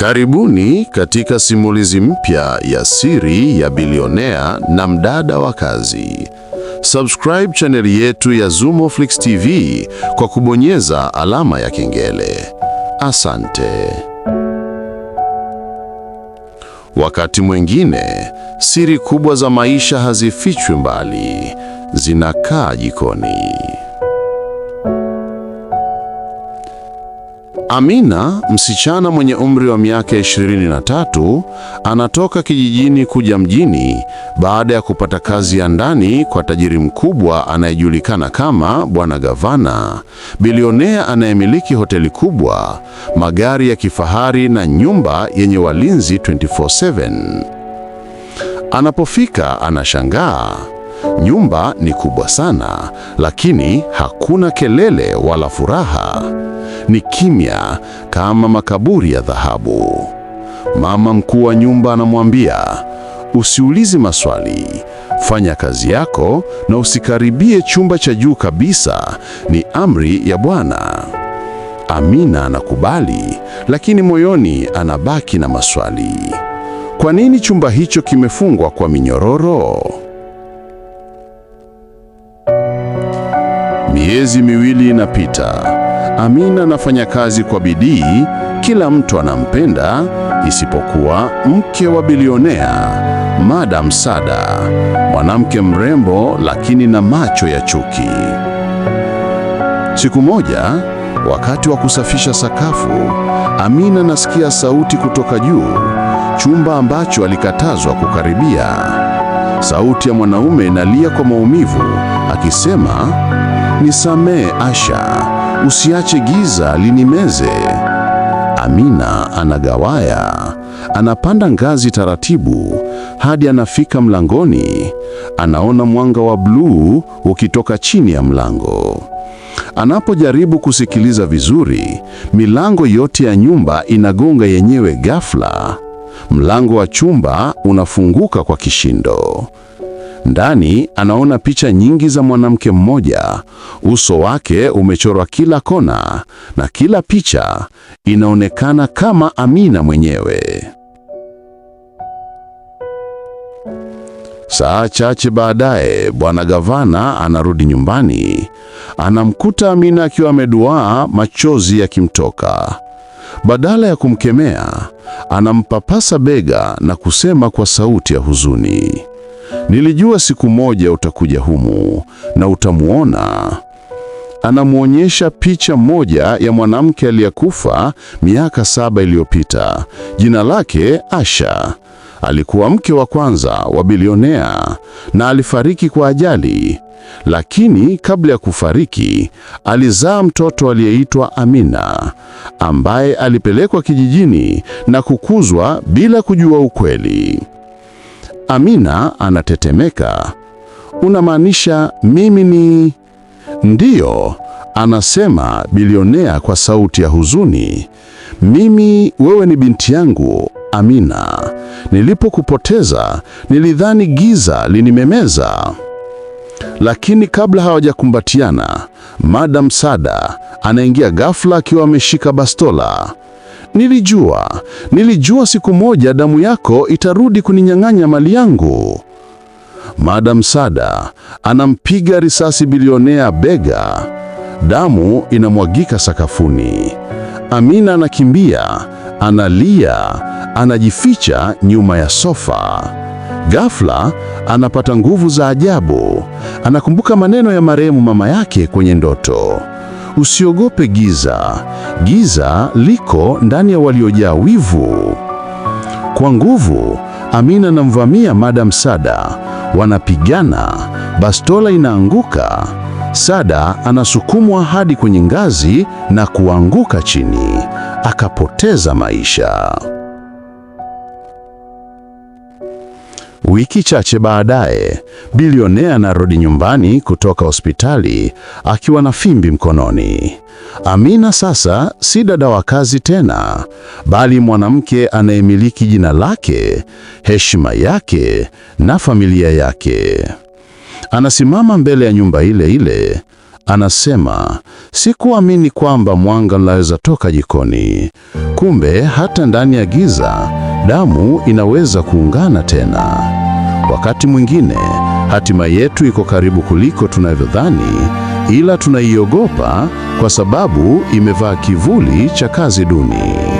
Karibuni katika simulizi mpya ya siri ya bilionea na mdada wa kazi. Subscribe chaneli yetu ya Zumoflix TV kwa kubonyeza alama ya kengele. Asante. Wakati mwingine, siri kubwa za maisha hazifichwi mbali, zinakaa jikoni. Amina, msichana mwenye umri wa miaka 23, anatoka kijijini kuja mjini baada ya kupata kazi ya ndani kwa tajiri mkubwa anayejulikana kama Bwana Gavana, bilionea anayemiliki hoteli kubwa, magari ya kifahari na nyumba yenye walinzi 24/7. Anapofika anashangaa. Nyumba ni kubwa sana, lakini hakuna kelele wala furaha ni kimya kama makaburi ya dhahabu. Mama mkuu wa nyumba anamwambia, usiulize maswali, fanya kazi yako na usikaribie chumba cha juu kabisa, ni amri ya Bwana. Amina anakubali, lakini moyoni anabaki na maswali. Kwa nini chumba hicho kimefungwa kwa minyororo? Miezi miwili inapita. Amina anafanya kazi kwa bidii, kila mtu anampenda isipokuwa mke wa bilionea Madam Sada, mwanamke mrembo lakini na macho ya chuki. Siku moja, wakati wa kusafisha sakafu, Amina nasikia sauti kutoka juu, chumba ambacho alikatazwa kukaribia. Sauti ya mwanaume inalia kwa maumivu akisema, nisamee Asha, usiache giza linimeze. Amina anagawaya, anapanda ngazi taratibu hadi anafika mlangoni. Anaona mwanga wa bluu ukitoka chini ya mlango. Anapojaribu kusikiliza vizuri, milango yote ya nyumba inagonga yenyewe ghafla. Mlango wa chumba unafunguka kwa kishindo. Ndani anaona picha nyingi za mwanamke mmoja. Uso wake umechorwa kila kona na kila picha inaonekana kama Amina mwenyewe. Saa chache baadaye, bwana gavana anarudi nyumbani. Anamkuta Amina akiwa ameduaa, machozi yakimtoka. Badala ya kumkemea, anampapasa bega na kusema kwa sauti ya huzuni, Nilijua siku moja utakuja humu na utamwona. Anamwonyesha picha moja ya mwanamke aliyekufa miaka saba iliyopita. Jina lake Asha. Alikuwa mke wa kwanza wa bilionea na alifariki kwa ajali, lakini kabla ya kufariki alizaa mtoto aliyeitwa Amina, ambaye alipelekwa kijijini na kukuzwa bila kujua ukweli. Amina anatetemeka. Unamaanisha mimi ni? Ndiyo, anasema bilionea kwa sauti ya huzuni. Mimi, wewe ni binti yangu Amina. Nilipokupoteza nilidhani giza linimemeza. Lakini kabla hawajakumbatiana, Madam Sada anaingia ghafla akiwa ameshika bastola. Nilijua, nilijua siku moja damu yako itarudi kuninyang'anya mali yangu. Madam Sada anampiga risasi bilionea bega, damu inamwagika sakafuni. Amina anakimbia, analia, anajificha nyuma ya sofa. Ghafla anapata nguvu za ajabu, anakumbuka maneno ya marehemu mama yake kwenye ndoto. Usiogope giza, giza liko ndani ya waliojaa wivu. Kwa nguvu, Amina anamvamia Madam Sada, wanapigana, bastola inaanguka. Sada anasukumwa hadi kwenye ngazi na kuanguka chini, akapoteza maisha. Wiki chache baadaye, bilionea anarudi nyumbani kutoka hospitali akiwa na fimbi mkononi. Amina sasa si dada wa kazi tena, bali mwanamke anayemiliki jina lake, heshima yake na familia yake. Anasimama mbele ya nyumba ile ile, anasema, sikuamini kwamba mwanga unaweza toka jikoni. Kumbe hata ndani ya giza damu inaweza kuungana tena. Wakati mwingine hatima yetu iko karibu kuliko tunavyodhani, ila tunaiogopa kwa sababu imevaa kivuli cha kazi duni.